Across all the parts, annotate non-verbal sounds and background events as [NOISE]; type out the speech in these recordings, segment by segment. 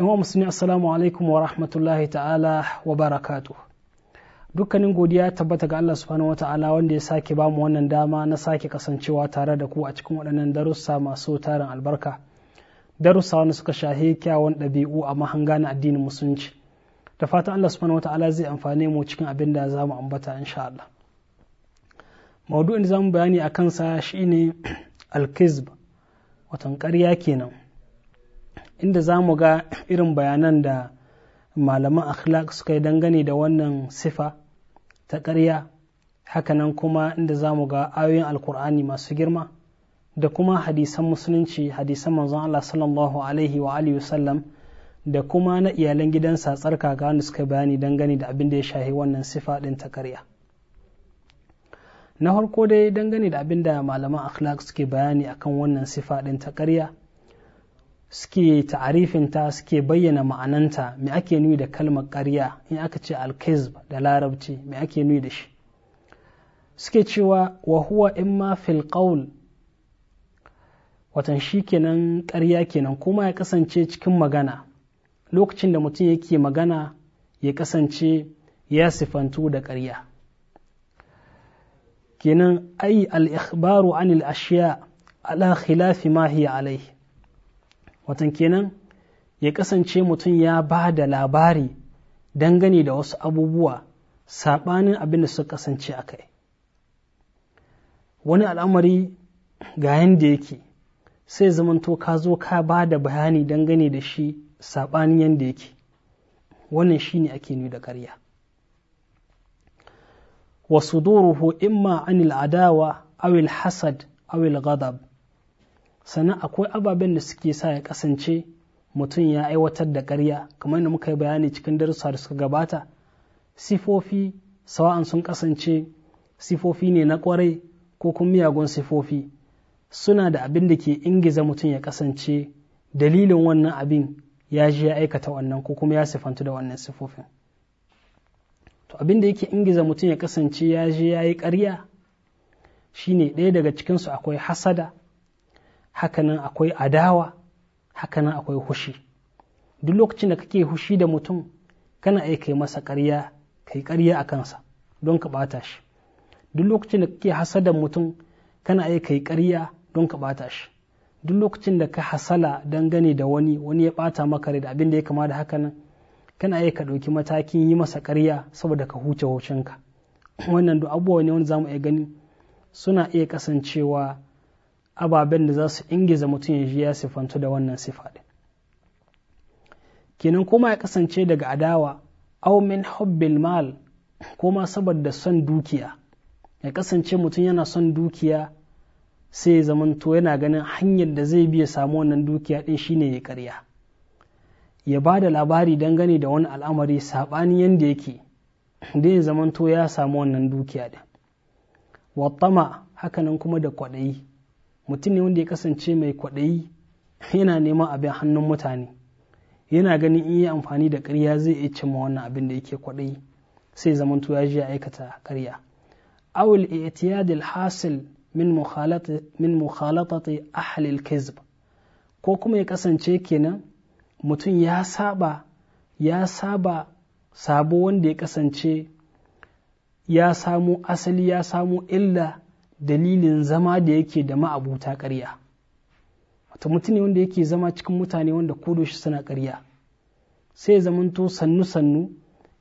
yanwa musulmi assalamu alaikum wa rahmatullahi ta'ala wa barakatu dukkanin godiya tabbata ga Allah subhanahu wa ta'ala wanda ya sake ba mu wannan dama na sake kasancewa tare da ku a cikin waɗannan darussa masu tarin albarka darussa wanda suka shahi kyawun ɗabi'u a mahanga na addinin musulunci da fatan Allah subhanahu wa ta'ala zai amfani mu cikin abin da za mu ambata insha Allah maudu'in da za mu bayani a kansa shine [CLEARS THROAT] alkizb watan ƙarya kenan inda za mu ga irin bayanan da malaman akhlaq suka yi dangane da wannan sifa ta ƙarya hakanan kuma inda za mu ga ayoyin alkur'ani masu girma da kuma hadisan musulunci hadisan manzon Allah sallallahu alaihi wa alihi wasallam da kuma na iyalan gidansa tsarka wanda suka bayani dangane da abin da ya shahi wannan sifa ɗin ta ƙarya na farko dai dangane da abin da malaman akhlaq suke bayani akan wannan sifa ɗin ta ƙarya suke ta'arifinta suke bayyana ma'ananta me ake nuni da kalmar ƙarya in aka ce alkizb da larabci me ake nuni da shi suke cewa wa huwa ma fil qawl watan shi kenan ƙarya kenan kuma ya kasance cikin magana lokacin da mutum yake magana ya kasance ya sifantu da ƙarya kenan ai al-ikhbaru anil ashiya ala khilafi ma hiya alaihi watan kenan ya kasance mutum ya ba da labari dangane da wasu abubuwa saɓanin abin da suka kasance a kai wani al'amari ga yadda yake sai zamanto ka zo ka ba da bayani dangane da shi saɓanin yadda yake wannan shi ne ake nuna ƙarya wasu doruhu imma anil adawa awil hasad awil ghadab sannan akwai ababen da suke sa ya kasance mutum ya aiwatar da ƙarya kamar da muka yi bayani cikin darussa da suka gabata sifofi sawa'an sun kasance sifofi ne na kwarai ko kuma miyagun sifofi suna da abin da ke ingiza mutum ya kasance dalilin wannan abin ya ji ya aikata wannan ko kuma ya sifantu da wannan sifofin to abin da yake ingiza mutum ya kasance ya ji ya yi ƙarya shine ɗaya daga cikinsu akwai hasada hakanan akwai adawa hakanan akwai hushi duk lokacin da kake hushi da mutum kana aika kai masa ƙarya kai ƙarya a kansa don ka ɓata shi duk lokacin da kake hasada mutum kana aika kai ƙarya don ka ɓata shi duk lokacin da ka hasala dangane da wani wani ya ɓata maka da abin da ya kama da haka nan kana aika ka ɗauki matakin yi masa ƙarya saboda ka huce ka [CLEARS THROAT] wannan duk abubuwa ne wanda za mu iya gani suna iya kasancewa ababen da za su ingiza mutum ya ya sifantu da wannan sifa din kenan kuma ya kasance daga adawa aw min hubbil mal kuma saboda son dukiya ya kasance mutum yana son dukiya sai ya zamanto yana ganin hanyar da zai biya samu wannan dukiya ɗin shine ya karya ya ba da labari gani da wani al'amari saɓani yadda yake da ya zamanto ya samu wannan dukiya ɗin wattama hakanan kuma da kwaɗayi mutum ne wanda ya kasance mai kwaɗayi yana neman abin hannun mutane yana ganin in yi amfani da ƙarya zai iya cimma wannan abin da yake kwaɗayi sai zamantu ya ya aikata ƙarya awul i'tiyadil hasil min mukhalatati min mukhalatati ahli al-kizb ko kuma ya kasance kenan mutum ya saba ya saba sabo wanda ya kasance ya samu asali ya samo illa dalilin zama da yake da ma'abuta karya, wata mutum ne wanda yake zama cikin mutane wanda kodoshi suna karya, sai zamanto sannu-sannu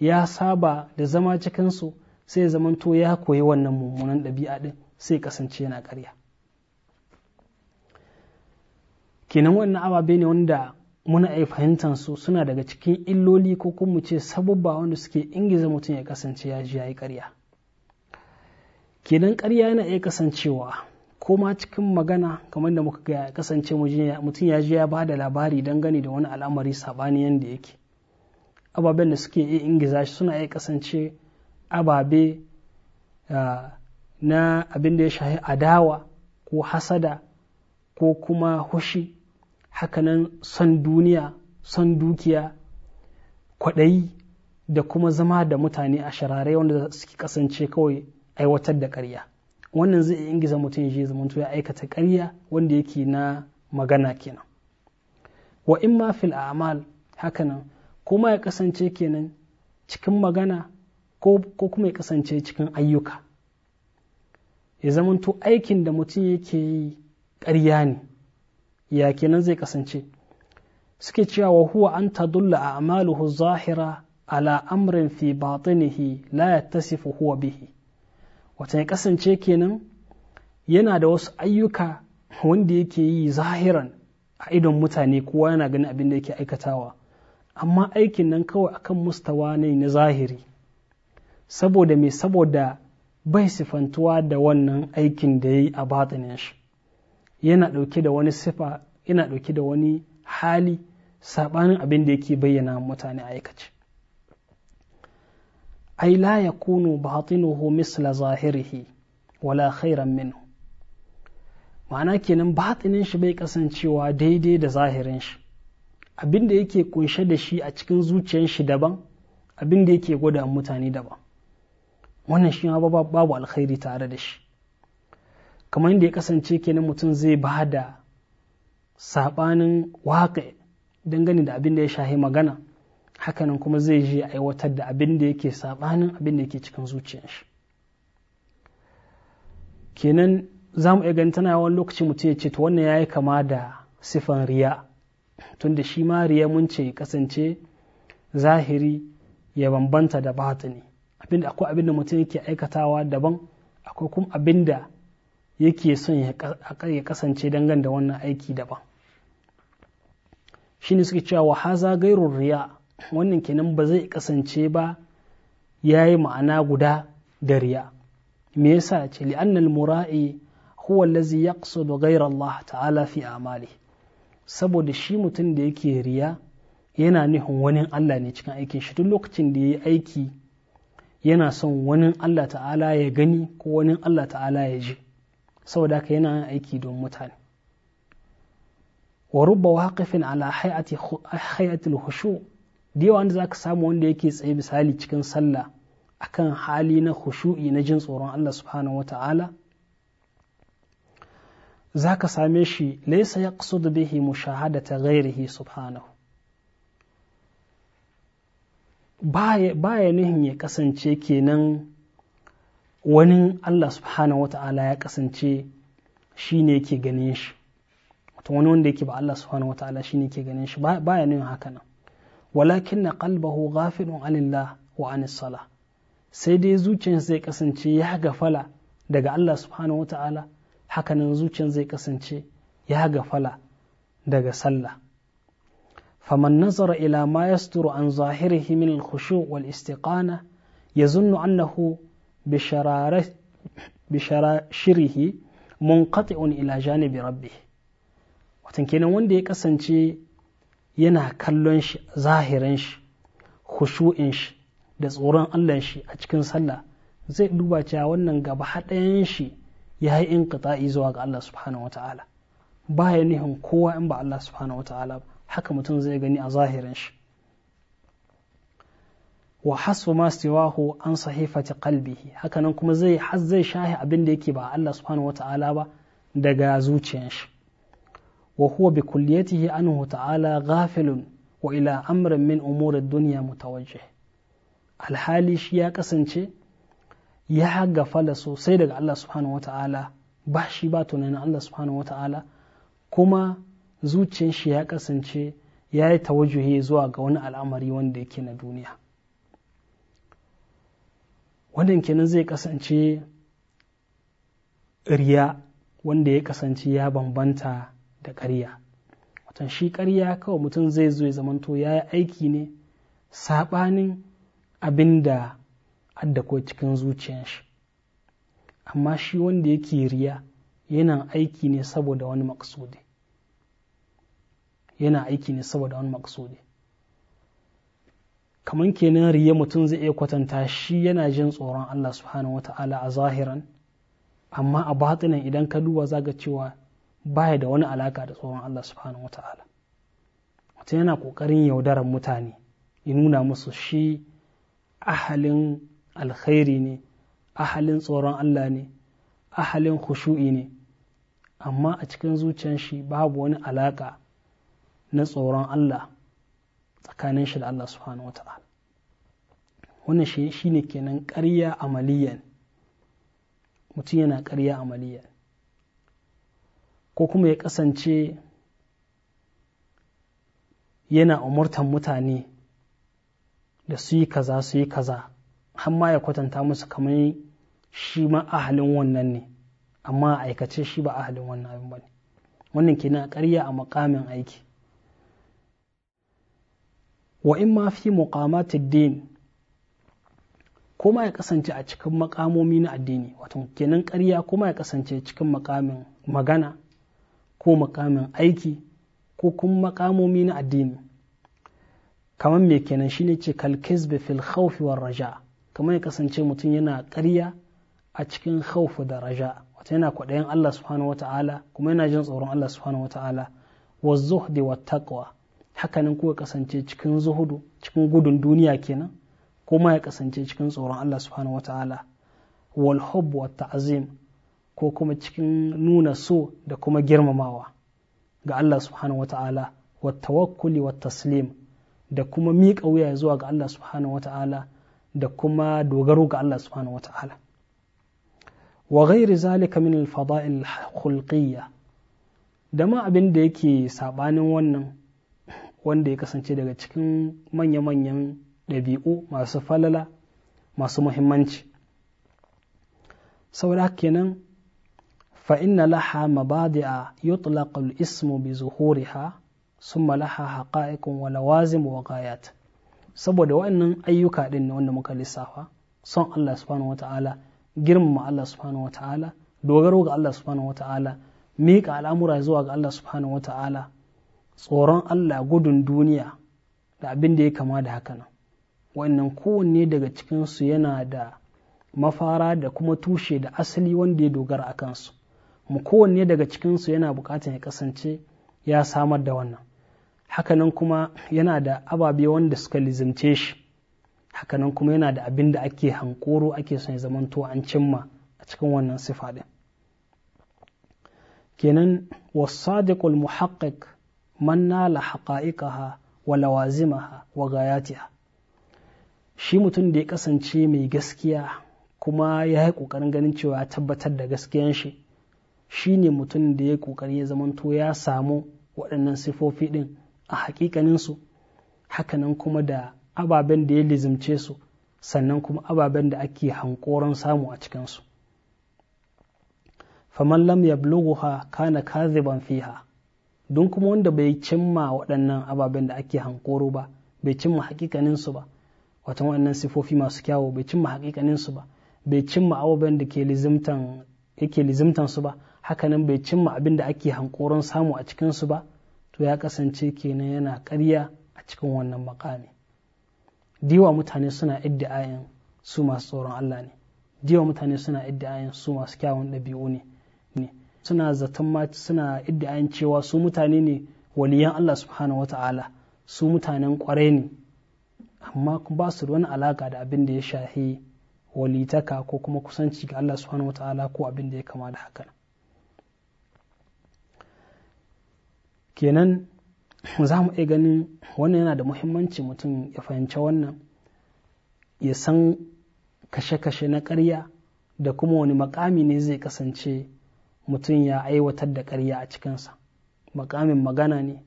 ya saba da zama cikinsu sai zamanto ya koyi wannan mummunan ɗabi'a ɗin sai kasance yana karya. kenan wannan ababe ne wanda muna iya fahimtar su suna daga cikin illoli ko kuma ce sabubba wanda suke ingiza mutum ya kasance ya ji ya yi ƙarya kenan karya yana iya kasancewa ko ma cikin magana kamar da muka ga ya kasance mutum ya je ya ba da labari dangane da wani al'amari sabani yadda yake ababen da suke iya ingiza shi suna iya kasance ababe ah, na abin da ya shahi adawa ko hasada ko kuma hushi hakanan son duniya son dukiya kwaɗayi da kuma zama da mutane a shirarai wanda suke kasance kawai aiwatar da ƙarya wannan zai ingiza mutum ya zama ya aikata ƙarya wanda yake na magana kenan wa in ma fil a'mal hakanan kuma ya kasance kenan cikin magana ko kuma ya kasance cikin ayyuka ya zama aikin da mutum yake yi ƙarya ne ya kenan zai kasance suke cewa wa huwa an tadulla a'maluhu zahira ala amrin fi batinihi la yattasifu huwa bihi wata ya kasance kenan yana da wasu ayyuka wanda yake yi zahiran a idon mutane kowa yana ganin abin da yake aikatawa amma aikin nan kawai akan mustawa ne na zahiri saboda mai saboda bai sifantuwa da wannan aikin da ya yi a batinin shi yana ɗauke da wani sifa yana ɗauke da wani hali saɓanin abin da yake bayyana mutane aikace ai la yakunu batinuhu misla zahirihi wala khairan minhu ma'ana kenan batinin shi bai kasancewa daidai da zahirin shi abin da yake kunshe da shi a cikin zuciyar shi daban abin da yake gwada mutane daban wannan shi babu alkhairi tare da shi kamar yadda ya kasance kenan mutum zai ba da saɓanin waƙe dangane da abin da ya shahi magana hakanan kuma zai je aiwatar da abin da yake sabanin abin da yake cikin zuciyar shi kenan za mu iya gani tana yawan lokaci mutum ya ce to wannan ya yi kama da sifan riya tunda shi ma riya mun ce kasance zahiri ya bambanta da batini ne. akwai abin da mutum yake aikatawa daban akwai kuma abin da yake son ya kasance dangane da wannan aiki daban ne suke cewa wa haza gairun riya wannan kenan ba zai kasance ba ya yi ma'ana guda da riya me yasa ce li'annal mura'i huwa allazi yaqsudu ghayra Allah ta'ala fi amali saboda shi mutum da yake riya yana nufin wani Allah ne cikin aikin shi duk lokacin da yayi aiki yana son wani Allah ta'ala ya gani ko wani Allah ta'ala ya ji saboda haka yana yin aiki don mutane wa rubba waqifin ala hay'ati hay'atil khushu' da yawa wanda za ka samu wanda yake tsaye misali cikin sallah akan hali na khushu'i na jin tsoron Allah subhanahu wa ta'ala za ka same shi laisa ya bihi mushahadata ghairihi subhanahu baya nuhin ya kasance kenan wani Allah subhanahu wa ta'ala ya kasance shi ne ke ganin shi wani wanda yake ba Allah subhanahu wa ta'ala shi ne ke ganin shi baya nuhin haka nan walakin na kalbahu ghafilun alillah wa anis sai dai zuciyar zai kasance ya gafala daga Allah subhanahu wata'ala hakanan zuciyar zai kasance ya gafala daga sallah faman nazara ila ma yasturu an zahirihi min al-khushu' wal istiqana yazunnu annahu bishararati بشراشره منقطع إلى جانب ربه watan kenan wanda ya kasance yana kallon shi zahirin shi khushu'in shi da tsoron Allah shi a cikin sallah zai duba cewa wannan gaba haɗayan shi ya yi inqita'i zuwa ga Allah subhanahu wata'ala ba ya nihin kowa in ba Allah subhanahu wata'ala haka mutum zai gani a zahirin shi wa hasfu ma siwahu an sahifati qalbihi hakanan kuma zai har zai shahi abin da yake ba Allah subhanahu wata'ala ba daga zuciyar shi wa huwa bi kulliyatihi anhu ta'ala ghafilun wa ila amrin min umuri dunya mutawajjih alhali shi ya kasance ya gafala sosai daga Allah subhanahu wata'ala ba shi ba tunanin Allah subhanahu wata'ala kuma zuciyar shi ya kasance ya yi tawajuhi zuwa ga wani al'amari wanda yake na duniya wannan kenan zai kasance riya wanda ya kasance ya bambanta da ƙarya watan shi ƙarya kawai mutum zai zo ya zamanto ya yi aiki ne saɓanin abin da addako cikin zuciyar shi amma shi wanda yake riya yana aiki ne saboda wani maksudi yana aiki ne saboda wani maksudi kamar kenan riya mutum zai iya kwatanta shi yana jin tsoron Allah subhanahu wata'ala a zahiran amma a batinan idan ka duba zaga cewa baya da wani alaka da tsoron Allah subhanahu wata'ala mutum yana ƙoƙarin yaudarar mutane ya nuna musu shi ahalin alkhairi ne ahalin tsoron Allah ne ahalin khushu'i ne amma a cikin zuciyar shi babu wani alaka na tsoron Allah tsakanin shi da Allah subhanahu wata'ala wannan shi ne kenan ƙarya amaliyan mutum yana ƙarya amaliyan ko kuma ya kasance yana umurtan mutane da su yi kaza su yi kaza har ya kwatanta musu kamar shi ma ahalin wannan ne amma a aikace shi ba ahalin wannan abin ba ne wannan kenan karya a makamin aiki wa in ma fi muqamatid din kuma ya kasance a cikin makamomi na addini wato kenan ƙarya kuma ya kasance cikin makamin magana ko makamin aiki ko kuma makamomi na addini kamar me kenan shine ce kalkizbe fil khawfi war raja kamar ya kasance mutum yana ƙarya a cikin khawfu da raja wata yana kwaɗayin Allah subhanahu kuma yana jin tsoron Allah subhanahu wata'ala wa zuhdi wa taqwa hakanan kuka kasance cikin zuhudu cikin gudun duniya kenan kuma ya kasance cikin tsoron Allah subhanahu wata'ala wal hubb wa ta'zim ko kuma cikin nuna so da kuma girmamawa ga Allah subhanahu wata'ala wa tawakkuli wa taslim da kuma miƙa wuya zuwa ga Allah subhanahu wata'ala da kuma dogaro ga Allah subhanahu wata'ala wa ghairi zalika min al-fada'il khulqiyya da ma abin da yake sabanin wannan wanda ya kasance daga cikin manya-manyan ɗabi'u masu falala masu muhimmanci saboda kenan فإن لها مبادئ يطلق الاسم بظهورها ثم لها حقائق ولوازم وغايات saboda wannan ayyuka ɗin ne wanda muka lissafa son Allah subhanahu wata'ala girmama Allah subhanahu wata'ala dogaro ga Allah subhanahu wata'ala miƙa al'amura zuwa ga Allah subhanahu wata'ala tsoron Allah gudun duniya da abin da ya kama da haka nan kowanne daga cikinsu yana da mafara da kuma tushe da asali wanda ya dogara a kansu Mu kowanne daga cikinsu yana buƙatar ya kasance ya samar da wannan hakanan kuma yana da ababe wanda suka lizimce shi hakanan kuma yana da abin da ake hankoro ake son ya zamanto an cimma a cikin wannan sifa ɗin kenan wasadiqul muhaqqiq man nala haqa'iqaha wa lawazimaha wa gayatiha shi mutum da ya kasance mai gaskiya kuma ya yi ƙoƙarin ganin cewa ya tabbatar da gaskiyan shi shine mutum da ya kokari ya zamanto ya samu waɗannan sifofi ɗin a haƙiƙaninsu hakanan kuma da ababen da ya lizimce su sannan kuma ababen da ake hankoron samu a cikinsu faman lam bloguha kana kaziban fiha don kuma wanda bai cimma waɗannan ababen da ake hankoro ba bai cimma haƙiƙaninsu ba watan waɗannan sifofi masu kyawu bai cimma haƙiƙaninsu ba bai cimma ababen da ke lizimtan yake lizimtan su ba hakanan bai cimma abin da ake hankoron samu a cikinsu ba to ya kasance kenan yana karya a cikin wannan makami diwa mutane suna iddiayin su masu tsoron Allah ne diwa mutane suna iddiayin su masu kyawun ɗabi'u ne suna zaton ma suna iddiayin cewa su mutane ne waliyan Allah subhanahu wata'ala su mutanen kwarai ne amma ba su da wani alaka da abin da ya shahi walitaka ko kuma kusanci ga Allah subhanahu wata'ala ko abin da ya kama da hakan kenan za mu iya ganin wannan yana da muhimmanci mutum ya fahimci wannan ya san kashe-kashe na karya da kuma wani makami ne zai kasance mutum ya aiwatar da karya a cikinsa makamin magana ne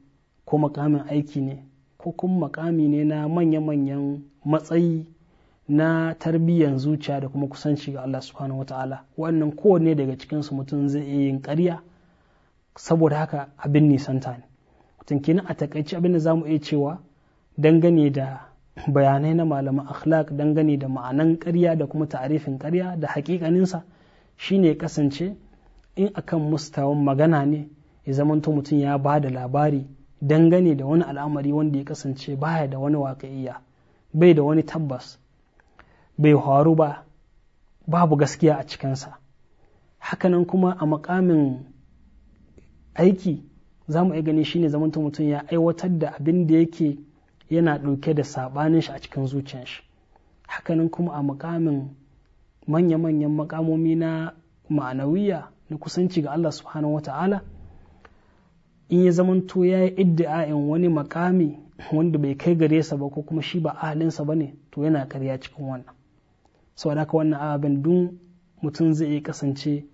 ko makamin aiki ne ko kuma makami ne na manya-manyan matsayi na tarbiyyar zuciya da kuma kusanci ga Allah subhanahu wata'ala wannan kowanne daga cikinsu mutum zai iya yin ƙarya saboda haka abin nisanta ne mutum kenan a takaici abin da zamu iya cewa dangane da bayanai na malaman akhlaq dangane da ma'anan ƙarya da kuma ta'arifin ƙarya da haƙiƙaninsa shine kasance in akan mustawan magana ne ya zamanto mutum ya ba da labari dangane da wani al'amari wanda ya kasance baya da wani waƙa'iyya bai da wani tabbas bai faru ba babu gaskiya a cikinsa hakanan kuma a makamin aiki za mu iya gani ne zamanta mutum ya aiwatar da abin da yake yana ɗauke da saɓanin shi a cikin zuciyar shi hakanan kuma a mukamin manya-manyan makamomi na ma'anawiya na kusanci ga Allah subhanahu wa ta'ala in ya zamanto ya yi in wani makami wanda bai kai gare sa ba ko kuma shi ba ahalinsa ba ne to yana karya cikin wannan sau da haka wannan abin dun mutum zai kasance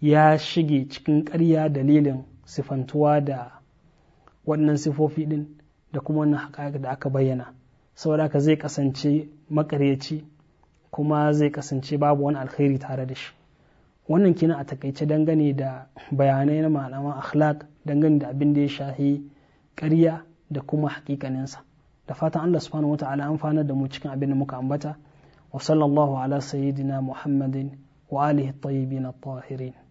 ya shige cikin karya dalilin sifantuwa da waɗannan sifofi ɗin da kuma wannan haƙaƙa da aka bayyana saboda haka zai kasance makaryaci kuma zai kasance babu wani alkhairi tare da shi wannan kina a takaice dangane da bayanai na malaman akhlaq dangane da abin da ya shahi ƙarya da kuma haƙiƙaninsa da fatan Allah subhanahu wa ta'ala amfana da mu cikin abin da muka ambata wa sallallahu ala sayyidina muhammadin wa alihi tayyibin at-tahirin